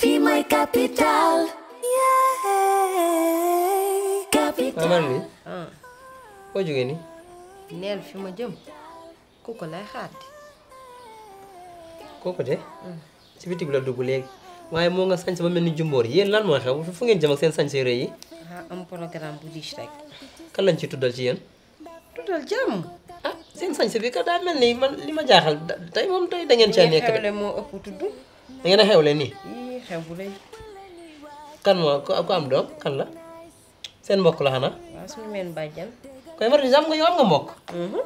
my Capital. Yeah. Capital. Aman nih. Ah. Kok juga ini? Neel fi ma jëm. Koko lay xaar. Koko de? Ci biti bi la dugg léegi. Waye mo nga sañse ba melni jumbor. Yeen lan mo xew fu ngeen jëm ak seen sañse rëy yi. ah am programme bu riche rek. kan lañ ci tuddal ci yeen? tuddal jàmm. ah seen sañse bi ka da melni ni man jaaxal tay mom tay da ngeen ci nekk de. xewle mo ëpp tuddu. da ngeen xewle nii. xew bu rëy. kan moo ku am doom kan la seen mbokk la xanaa. waaw suñu meen bàjjan. koy war di am nga yow am nga mbokk. Mhm.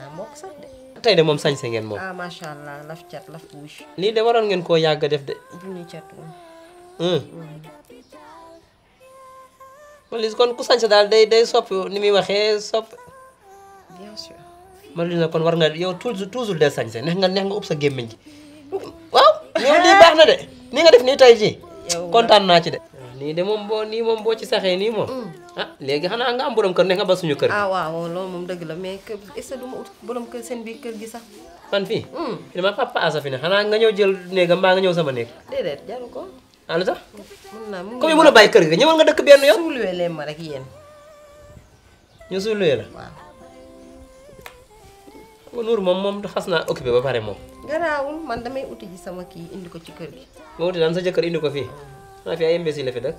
naa mbokk sax de. tey de moom sañse ngeen moom. ah macha allah laf cat laf lii de waroon ngeen koo yàgg def de. bu ñu cat woon. Hmm. Hmm. Marie kon ku sañse daal day day soppi ni muy waxee soppi. bien sûr. Marie kon war nga yow toujours toujours day sañse neex nga neex nga ub sa gémmiñ ji waaw. yow lii baax na de. ni nga def ni tay ci contane na ci de. Ah, ni de mom bo ni mom bo ci saxé ni mom mm. ah légui xana nga am borom kër ne nga ba suñu kër. ah waaw loolu mom deug la mais kër est-ce que du borom kër sen bi kër gi sax. fan fi hmm dama papa asa fi ne xana nga ñew jël néegam ma nga ñew sama néeg. dedet jaru ko. ah tax. comme yi kër gi ñewal nga dëkk ben yoon. sulwé lé ma rek yeen ñu sulwé la. waaw. Nour moom mom xas naa occupé ba paré mom garawul man damay uti ci sama ki indi ko ci keur gi. mo uti daan sa jëkkër indi ko fi na fi ay imbécile la fi dak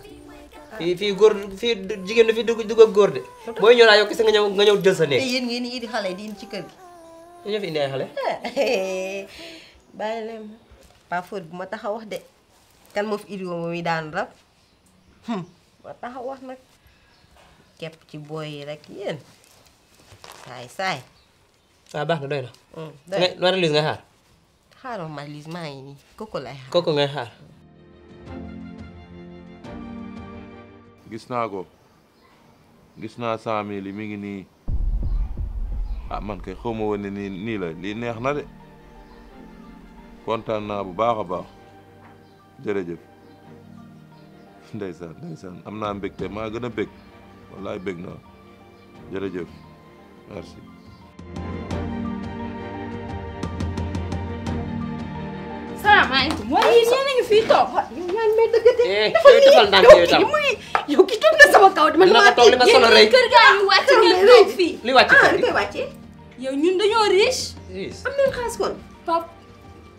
fi fi gor fi jigen fi dug dug gor de. boy ñu la yok sa nga ñëw nga ñew jël sa neex yeen ngeen yi di xalé di indi ci keur gi. ñu fi indi ay xalé wax de kan mo fi idiwo mo mi daan rap hmm ba taxaw wax nak kep ci boy yi rek yéen saay saay. waaw baax doy nga xaaral ma Lise maa ngi nii kooku xaar. gis naa ko gis naa cent mille yi mi ngi nii a man kay xaw ma woon nii nii la lii neex na de kontaan naa bu baax a baax jërëjëf ndeysaan ndeysaan am naa mbégte maa gën a bég wallaay bég naa jërëjëf merci. maa ngi mooy yéen ngi fii toog yow yaa ngi may dëggate. dafa lii yow yow muy yow ki tëb na sama kaw dama la toog li ma solo rëy kër gaa ñu wàcc ngeen toog fii. li wàcc kër gi ah koy wàccee. yow ñun dañoo riche. am nañu xaas kon. pap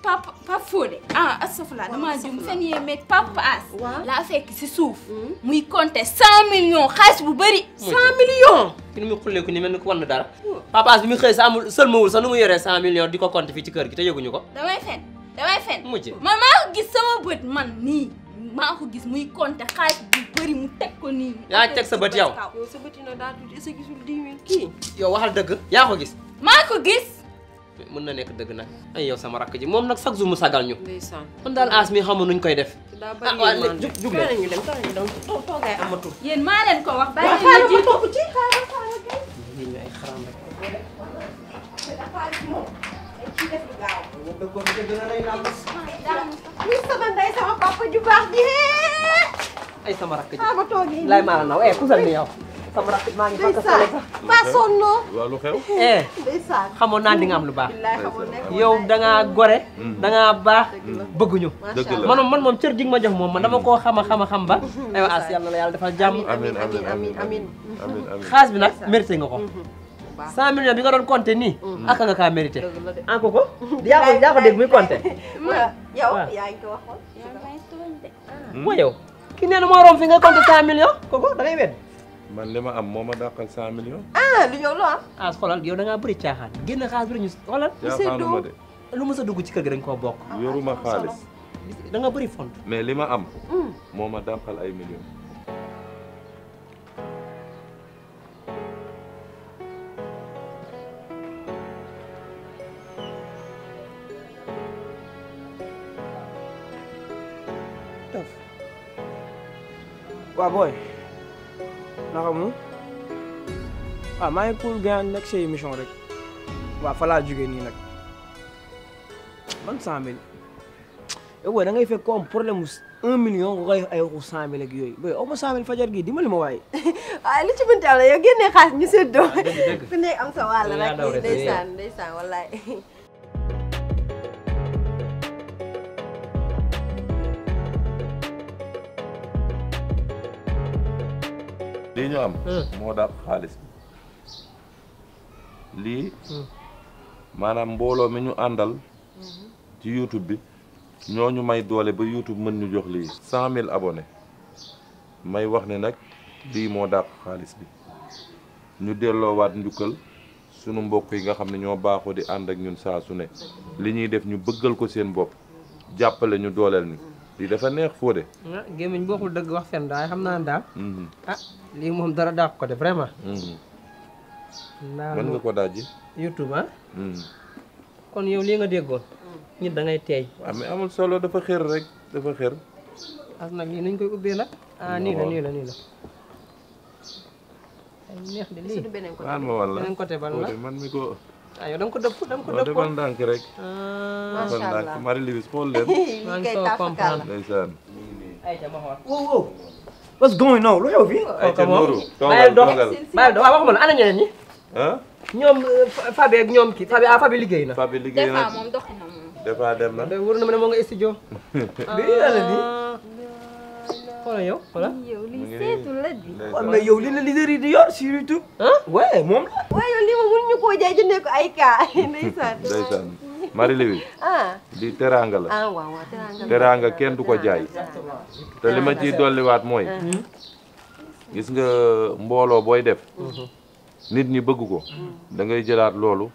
pap pap Fodé ah astafurlah damaa jëm fen yee meeg pap as. waaw laa fekk si suuf. muy compter cent millions xaalis bu bëri. cent millions. ki ni muy xulleeku ni mel ni ko wan dara. papa as bi muy xëy sa amul sëlmawul sax nu mu yoree cent millions di ko compter fii ci kër gi te yëguñu ko. damay fen. damay fen man maa ko gis sama bët man nii maa ko gis muy konte xaalis bu bëri mu teg ko nii. yaa teg sa bët yaw yow sa bët yi nag daa tuuti kii. yow waxal dëgg. yaa ko gis. maa ko gis. mën na nekk dëgg nag ay yow sama rakk ji moom nag chaque jour mu sagal ñu. ndeysaan kon daal aas mi xamul nuñ koy def. daa bëri ah, yéen maa leen jug nañu dem teel nañu dem toogaay ko wax. bàyyi leen ji dëggoon nga a sama ndey sama papa lay maa naw eh kusal ni eh, yow. sama rakk ngi fàttali xew ndeysaan naa di nga am lu baax. yow dangaa gore. Mm. dangaa baax bëgguñu. dëgg la man man moom cër gi nga ma jox moom man dama koo xama xama xam ba. Mm-hmm. aywa as yàlla la yàlla defal jàmm. amiin amiin amiin bi nag mérité nga ko. Mm-hmm. 100 millions bi nga doon compter nii. Mm-hmm. ak nga kaa mérité. en ko ko yaa ko yaa ko dégg muy compter. Mm-hmm. ki nee na moo romb fi nga compter 100 millions kooku da man li ma am moo ma dàqal 100 millions. ah du ñëw loo am. Ah. ah xoolal yow da ngaa bëri caaxaan génn xaalis ñu xoolal. caaxaanuma de lu mës a dugg ci kër gi dañ koo bokk. yoruma ah, xaalis. da nga font. mais li ma am. Mm. moo ma dàqal ay millions. waaw booy naka mu waaw ah, maa nekk say émission rek waaw fa laa jógee nii nag man cent mille eh, yow fekk ko am problème un million nga koy ay waxu cent mille ak yooyu booy aw ma cent mille gi dimbali ma waaye waaw ah, li ci mën am la yow génnee xaalis ñu seddoo ku ah, nekk am sa wàll rek ndeysaan ndeysaan wallaay lii ñu am. Hmm. moo dàq xaalis bi lii. Hmm. maanaam mbooloo mi ñu àndal. Hmm. ci YouTube bi ñoo ñu may doole ba YouTube mën ñu jox lii cent mille abone may wax ne nag lii moo dàq xaalis bi ñu delloowaat njukkal sunu mbokk yi nga xam ne ñoo baaxoo di ànd ak ñun saa su ne li ñuy def ñu bëggal ko seen bopp jàppale ñu dooleel ñu. lii dafa neex Fodé. ah gémmiñ boo xul dëgg wax fen daal xam naa ne daal. Mhm. ah lii moom dara daa ko de vraiment. Mhm. naa mën nga ko dajji. youtube ah. mhm. kon yow lii nga déggoon. nit dangay ngay teey. waaw ah, mais amul solo dafa xër rek dafa xër. as nag lii nañ koy ubbee nag. Ah, nii la nii la nii la. neex de lii. waaw ma wàll beneen côté ban la man mi ko. ayo ɗon ko debbo ɗon ko debbo depandanke rek depandanke mari liwis pollen an so comprendre ndeysan wow wow what's going on lo hew fi ayte noru tongal tongal ɓayal ɗo waxuma la ana ñeneen ñi ñoom fabe ak ñoom ki fabe a fabe liggéey na fabe liggéey na moom dox na moom defa ada mana? Defa na ma ne moo nga studio ni قال ولا يولي سيت ولدي اما يولي اللي داري ديار سيري تو ها واه موم واه مول mari lewi ah di teranga la ah teranga teranga jaay te gis nga def nit ñi bëgg ko mhm. da ngay jëlaat loolu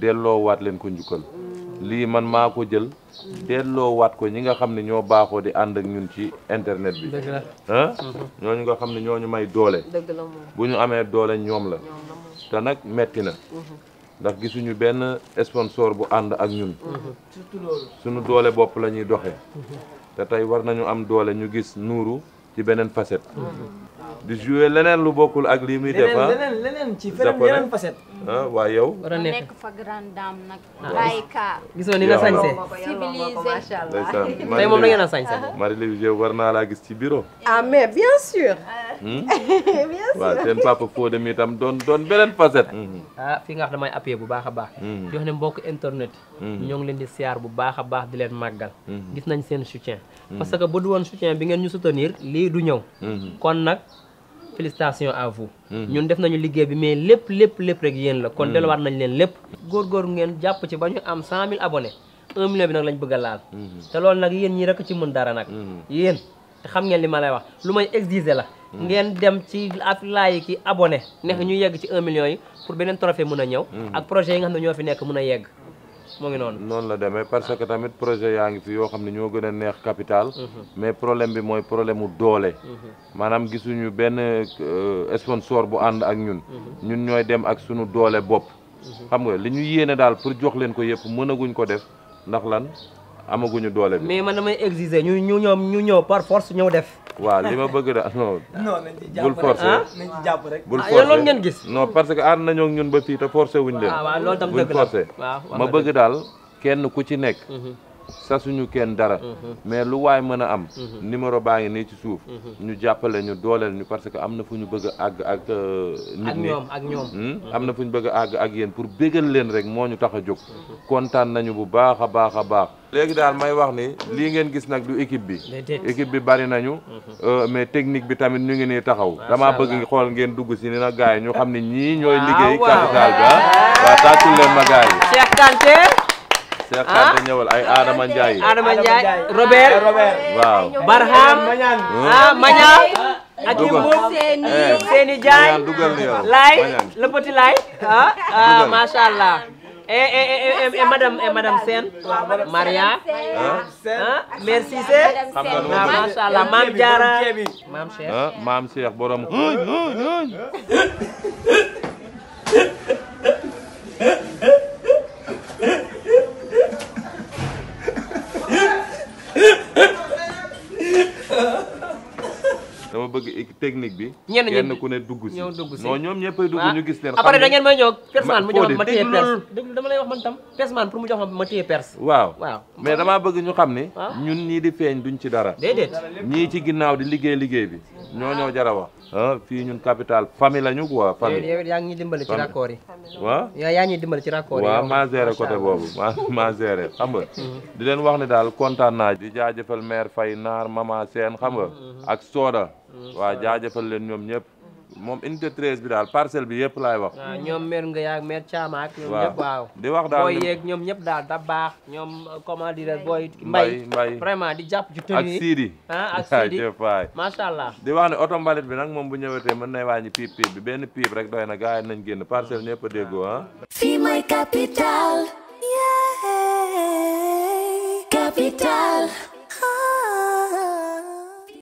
delloo waat leen ko ñukkal lii man maa ko jël delloowaat ko ñi nga xam ne ñoo baaxoo di ànd ak ñun ci internet bi ah ñooñu nga xam ne ñu may doole bu ñu amee doole ñoom la te nag metti na mhm. ndax gisuñu benn sponsor bu ànd ak ñun mhm. suñu doole bopp lañuy ñuy te tey war nañu am doole ñu gis nuuru ci beneen faset di jouer leneen lu bokul ak limi def ha ah? leneen leneen ci feneen yeneen facette. ah wa yow. wara nek fa grand dame nak bàyyi kaa. ni nga sañse. civilisé macha allah. tey moom la ngeen a sañse. mari louise war warna la gis ci bureau. ah mais bien sûr. Hmm? bien sûr waaw seen papa Fodé mi tam don don benen facette. Hmm. ah fi nga wax damay appuyé bu baakha baax. jox hmm. ne mbok internet. ñong leen di siar bu baakha baax di leen magal gis nañ sen soutien. parce que bu du won soutien bi ngeen ñu soutenir li du ñew kon nak félicitations à vous. Mhm. ñun def nañu liggéey bi mais lépp lépp lépp rek yéen la. kon mhm. delluwaat nañ leen lépp. góor ngeen jàpp ci ba ñu am 100000 abonnés 1 million bi nag lañ bëgg a laal. Mhm. te loolu nag yéen ñi rek ci mën dara nag. yéen xam ngeen li ma lay wax lu may exiger la. ngeen dem ci ak laay ki abonné. neex ñu yegg ci 1 million yi pour beneen trophée mën a ñëw. ak projet yi nga xam ne ñoo fi nekk mën a yegg. moo ngi noonu noonu la demee parce que tamit projet yaa ngi fi yoo xam ne ñoo gën a neex capital mhm. mais problème bi mooy problème mu doole mhm. maanaam gisuñu benn euh, sponsor bu ànd ak ñun mhm. ñun ñooy dem ak sunu doole bopp xam nga li ñu yéene daal pour jox leen ko yëpp mënaguñ ko def ndax lan amaguñu doole bi mais man a exiger ñu ñu ñoom ñu ñëw par force ñëw def waaw li ma bëgg daal non. non ah, nañ ci jàpp rek bul ah, forcé loolu ngeen gis. non parce que ànd nañoo ak ñun ba fii te wuñ leen. waaw ah, waaw loolu bul forcé ma bëgg daal kenn ku ci nekk. Mhm. sasuñu kenn dara mhm. mais lu waay mën a am mhm. numéro baa ngi nii ci suuf mhm. ñu jàppale ñu dooleel ñu parce que am na fu ñu bëgg a ak euh, nit ñi ak ñoom hmm? am na fu ñu bëgg a àgg ak yéen pour bégal leen rek moo ñu tax a jóg kontaan nañu bu baax a baax a baax léegi daal may wax ni lii ngeen gis nag du équipe bi équipe bi bari nañu euh, mais technique bi tamit ñu ngi nii taxaw damaa bëgg ngi xool ngeen dugg si ni na gars yi ñu xam ne ñii ñooy liggéey capital bi ah waaw yi Cheikh Anta ah? ñëwal ay Adama Ndiaye. Adama Ndiaye Robert ah, Robert. waaw Barham hmm? ah Maña. ak i mu Séni Séni Ndiaye. Laay le petit Laay. ah macha allah. et et madame et eh, madame Sène. Maria. ah merci Sène. xam nga loolu ah, macha allah maam Diarra maam Cheikh. maam Cheikh borom. dama bëgg technique bi. ñenn ñi ku ne dugg si ñëw dugg si ñoom ñëppay dugg ah, ñu gis leen. xam après da ngeen may ñëw persman mu jox ma téye perse waaw waaw mais damaa bëgg ñu xam ne. ñun ñii di feeñ duñ ci dara. ñii ci ginnaaw di liggéey liggéey bi ñoo ñoo jar a wax. Ah, fii ñun capital famille lañu quoi. famille yaa ngi ñuy dimbali ci raccord waa waaw yaa ngi dimbali ci raccord yi. waaw maa géré côté boobu maa maa géré xam nga. Mm-hmm. di leen wax ne daal kontaan naa di jaajëfal maire fay Naar Mama Sène xam nga mm-hmm. ak Soda. waaw jaajëfal leen ñoom ñëpp moom unité 13 bi daal parcelle bi yëpp laay wax waaw ñoom mer nga yaag mer caama waaw di wax daal booy ñoom ñëpp daal da baax ñoom euh, comment dire booy mbay mbay vraiment di jàpp ci tënk yi ah, ak siidi di wax ne oto mbalit bi nag moom bu ñëwetee mën nay wàññi piip piip bi benn piip rek doy na gars yi nañ génn parcelle ñëpp a déggoo ah fii mooy capital capital